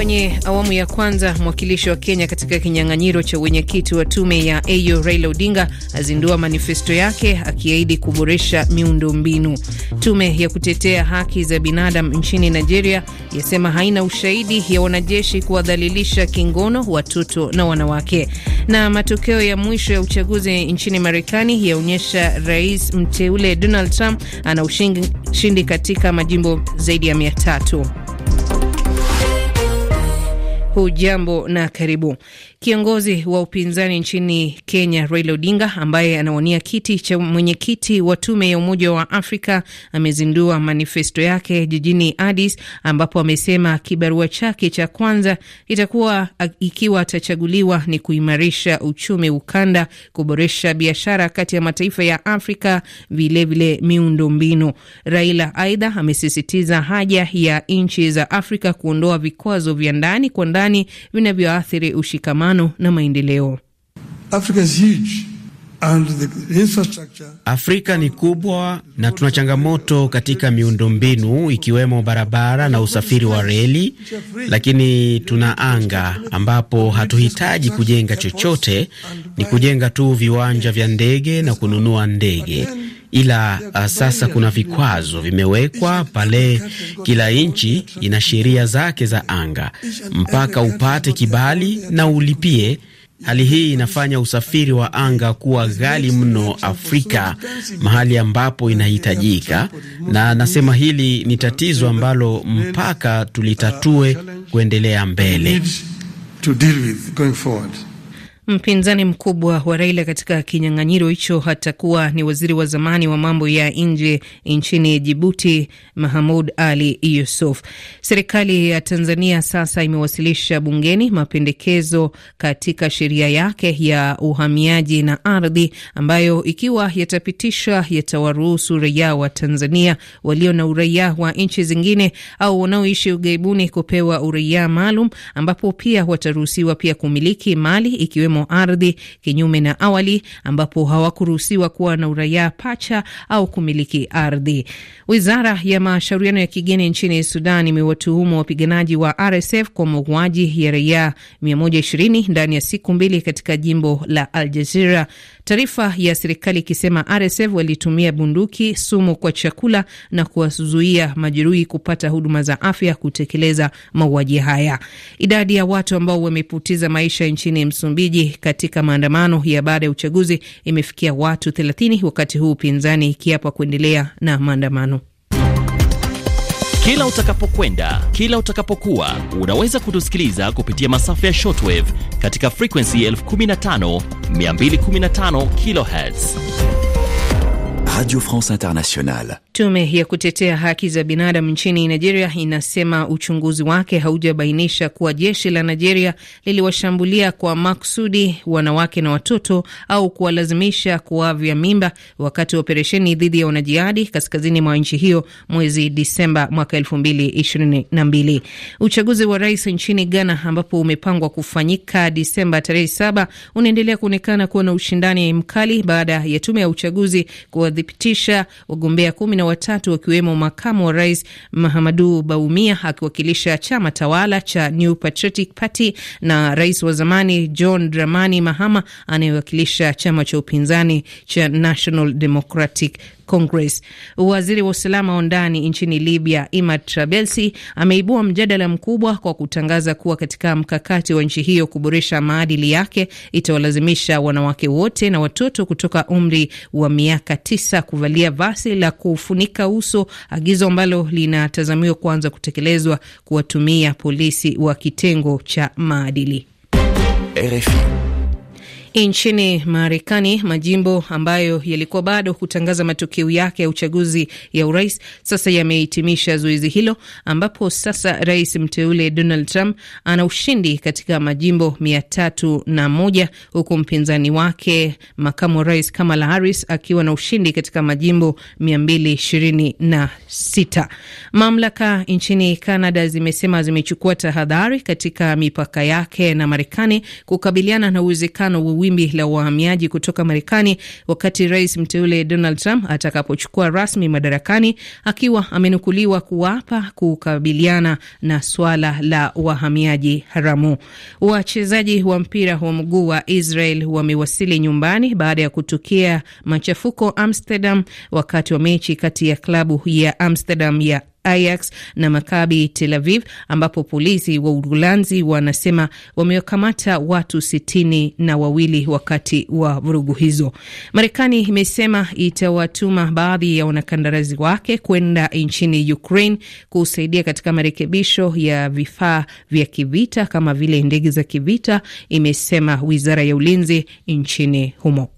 Kwenye awamu ya kwanza mwakilishi wa Kenya katika kinyang'anyiro cha wenyekiti wa tume ya AU Raila Odinga azindua manifesto yake akiahidi kuboresha miundo mbinu Tume ya kutetea haki za binadamu nchini Nigeria yasema haina ushahidi ya wanajeshi kuwadhalilisha kingono watoto na wanawake. Na matokeo ya mwisho ya uchaguzi nchini Marekani yaonyesha rais mteule Donald Trump ana ushindi katika majimbo zaidi ya mia tatu. Hujambo na karibu. Kiongozi wa upinzani nchini Kenya Raila Odinga ambaye anawania kiti cha mwenyekiti wa tume ya Umoja wa Afrika amezindua manifesto yake jijini Addis, ambapo amesema kibarua chake cha kwanza itakuwa ikiwa atachaguliwa ni kuimarisha uchumi ukanda, kuboresha biashara kati ya mataifa ya Afrika, vilevile miundombinu. Raila aidha amesisitiza haja ya nchi za Afrika kuondoa vikwazo vya ndani kwa ndani vinavyoathiri ushikamano mshikamano na maendeleo. Africa is huge. Afrika ni kubwa na tuna changamoto katika miundombinu ikiwemo barabara na usafiri wa reli, lakini tuna anga ambapo hatuhitaji kujenga chochote, ni kujenga tu viwanja vya ndege na kununua ndege. Ila ah, sasa kuna vikwazo vimewekwa pale, kila nchi ina sheria zake za anga, mpaka upate kibali na ulipie Hali hii inafanya usafiri wa anga kuwa ghali mno Afrika, mahali ambapo inahitajika, na nasema hili ni tatizo ambalo mpaka tulitatue kuendelea mbele. Mpinzani mkubwa wa Raila katika kinyang'anyiro hicho atakuwa ni waziri wa zamani wa mambo ya nje nchini Jibuti, Mahamud Ali Yusuf. Serikali ya Tanzania sasa imewasilisha bungeni mapendekezo katika sheria yake ya uhamiaji na ardhi, ambayo ikiwa yatapitishwa yatawaruhusu raia wa Tanzania walio na uraia wa nchi zingine au wanaoishi ughaibuni kupewa uraia maalum, ambapo pia wataruhusiwa pia kumiliki mali ikiwemo mgomo ardhi, kinyume na awali ambapo hawakuruhusiwa kuwa na uraia pacha au kumiliki ardhi. Wizara ya mashauriano ya kigeni nchini Sudan imewatuhumu wapiganaji wa RSF kwa mauaji ya raia 120 ndani ya siku mbili katika jimbo la Al Jazira, taarifa ya serikali ikisema RSF walitumia bunduki, sumu kwa chakula na kuwazuia majeruhi kupata huduma za afya kutekeleza mauaji haya. Idadi ya watu ambao wamepoteza maisha nchini Msumbiji katika maandamano ya baada ya uchaguzi imefikia watu 30 wakati huu upinzani ikiapa kuendelea na maandamano. Kila utakapokwenda, kila utakapokuwa, unaweza kutusikiliza kupitia masafa ya shortwave katika frequency 15215 kHz Radio France Internationale. Tume ya kutetea haki za binadamu nchini Nigeria inasema uchunguzi wake haujabainisha kuwa jeshi la Nigeria liliwashambulia kwa makusudi wanawake na watoto au kuwalazimisha kuwavya mimba wakati wa operesheni dhidi ya wanajihadi kaskazini mwa nchi hiyo mwezi Disemba mwaka 2022. Uchaguzi wa rais nchini Ghana ambapo umepangwa kufanyika Disemba tarehe 7 unaendelea kuonekana kuwa na ushindani mkali baada ya tume ya uchaguzi kuwadhibiti kuthibitisha wagombea kumi na watatu wakiwemo makamu wa rais Mahamadu Baumia akiwakilisha chama tawala cha New Patriotic Party na rais wa zamani John Dramani Mahama anayewakilisha chama cha upinzani cha National Democratic Congress. Waziri wa usalama wa ndani nchini Libya Imad Trabelsi ameibua mjadala mkubwa kwa kutangaza kuwa katika mkakati wa nchi hiyo kuboresha maadili yake itawalazimisha wanawake wote na watoto kutoka umri wa miaka tisa kuvalia vazi la kufunika uso, agizo ambalo linatazamiwa kuanza kutekelezwa kuwatumia polisi wa kitengo cha maadili. RFI. Nchini Marekani, majimbo ambayo yalikuwa bado kutangaza matokeo yake ya uchaguzi ya urais sasa yamehitimisha zoezi hilo, ambapo sasa rais mteule Donald Trump ana ushindi katika majimbo mia tatu na moja huku mpinzani wake makamu wa rais Kamala Harris akiwa na ushindi katika majimbo mia mbili ishirini na sita. Mamlaka nchini Canada zimesema zimechukua tahadhari katika mipaka yake na Marekani kukabiliana na uwezekano wimbi la wahamiaji kutoka Marekani wakati rais mteule Donald Trump atakapochukua rasmi madarakani, akiwa amenukuliwa kuapa kukabiliana na swala la wahamiaji haramu. Wachezaji wa mpira wa mguu wa Israel wamewasili nyumbani baada ya kutokea machafuko Amsterdam wakati wa mechi kati ya klabu ya Amsterdam ya Ajax na Maccabi Tel Aviv, ambapo polisi wa Uholanzi wanasema wamewakamata watu sitini na wawili wakati wa vurugu hizo. Marekani imesema itawatuma baadhi ya wanakandarasi wake kwenda nchini Ukraine kusaidia katika marekebisho ya vifaa vya kivita kama vile ndege za kivita, imesema wizara ya ulinzi nchini humo.